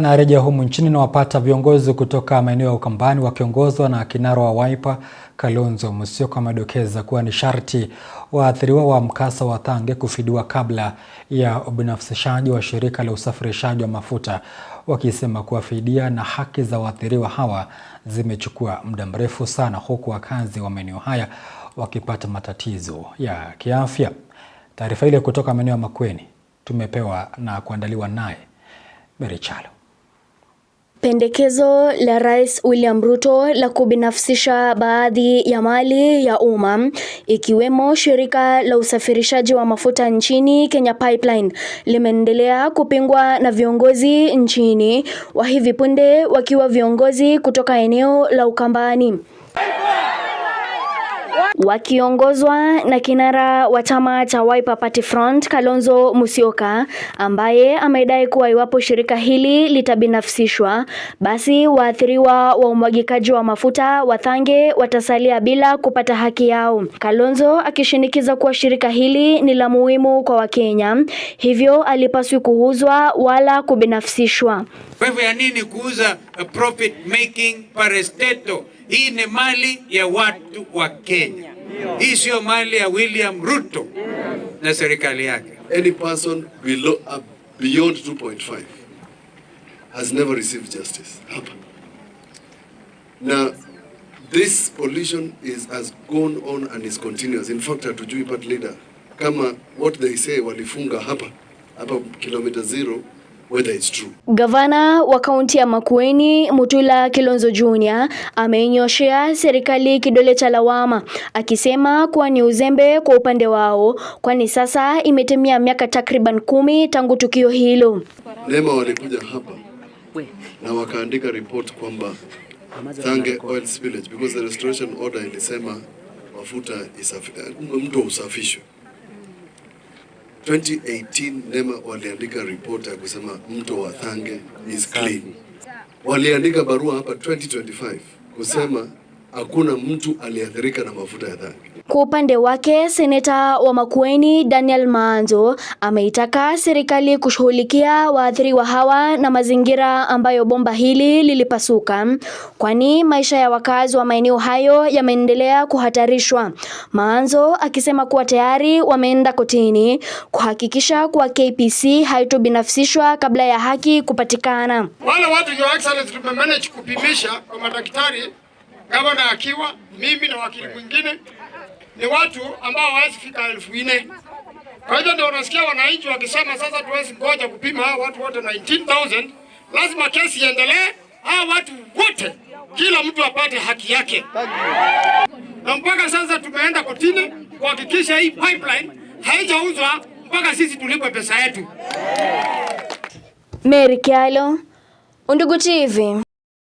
Narejea humu nchini na wapata viongozi kutoka maeneo ya Ukambani wakiongozwa na kinara wa Wiper Kalonzo Musyoka wamedokeza kuwa ni sharti waathiriwa wa mkasa wa Thange kufidiwa kabla ya ubinafsishaji wa shirika la usafirishaji wa mafuta, wakisema kuwa fidia na haki za waathiriwa hawa zimechukua muda mrefu sana, huku wakazi wa maeneo haya wakipata matatizo ya kiafya. Taarifa ile kutoka maeneo ya Makueni tumepewa na kuandaliwa naye Merichalo. Pendekezo la Rais William Ruto la kubinafsisha baadhi ya mali ya umma ikiwemo shirika la usafirishaji wa mafuta nchini Kenya Pipeline limeendelea kupingwa na viongozi nchini wa hivi punde wakiwa viongozi kutoka eneo la Ukambani wakiongozwa na kinara wa chama cha Wiper Party Front Kalonzo Musyoka ambaye amedai kuwa iwapo shirika hili litabinafsishwa, basi waathiriwa wa umwagikaji wa mafuta Wathange watasalia bila kupata haki yao. Kalonzo akishinikiza kuwa shirika hili ni la muhimu kwa Wakenya, hivyo alipaswi kuuzwa wala kubinafsishwa. Kwa hivyo ya nini kuuza uh, profit making parastatal hii ni mali ya watu wa Kenya, hii sio mali ya William Ruto na serikali yake. Any person below, uh, beyond 2.5 has never received justice hapa. Na this pollution is has gone on and is continuous. In fact, hatujui part leader kama what they say walifunga hapa hapa kilomita zero whether it's true. Gavana wa kaunti ya Makueni Mutula Kilonzo Junior ameinyoshea serikali kidole cha lawama akisema kuwa ni uzembe kwa upande wao, kwani sasa imetimia miaka takriban kumi tangu tukio hilo. Nema walikuja hapa na wakaandika report kwamba Thange oil spillage because the restoration order ilisema mafuta mto usafishwe 2018 NEMA waliandika ripoti ya kusema mto wa Thange is clean. Waliandika barua hapa 2025 kusema hakuna mtu aliathirika na mafuta ya Thange. Kwa upande wake, seneta wa Makueni Daniel Maanzo ameitaka serikali kushughulikia waathiriwa hawa na mazingira ambayo bomba hili lilipasuka, kwani maisha ya wakazi wa maeneo hayo yameendelea kuhatarishwa. Maanzo akisema kuwa tayari wameenda kotini kuhakikisha kuwa KPC haitobinafsishwa kabla ya haki kupatikana. Wale watu Your Excellency tumemanage kupimisha kwa madaktari, gavana akiwa mimi na wakili mwingine ni watu ambao hawezi fika elfu nne. Kwa hivyo ndio unasikia wananchi wakisema sasa tuwezi ngoja kupima hao watu wote 19000 lazima kesi iendelee, hao watu wote, kila mtu apate haki yake. Na mpaka sasa tumeenda kotini kuhakikisha hii pipeline haijauzwa mpaka sisi tulipe pesa yetu. Mary Kyalo, Undugu TV.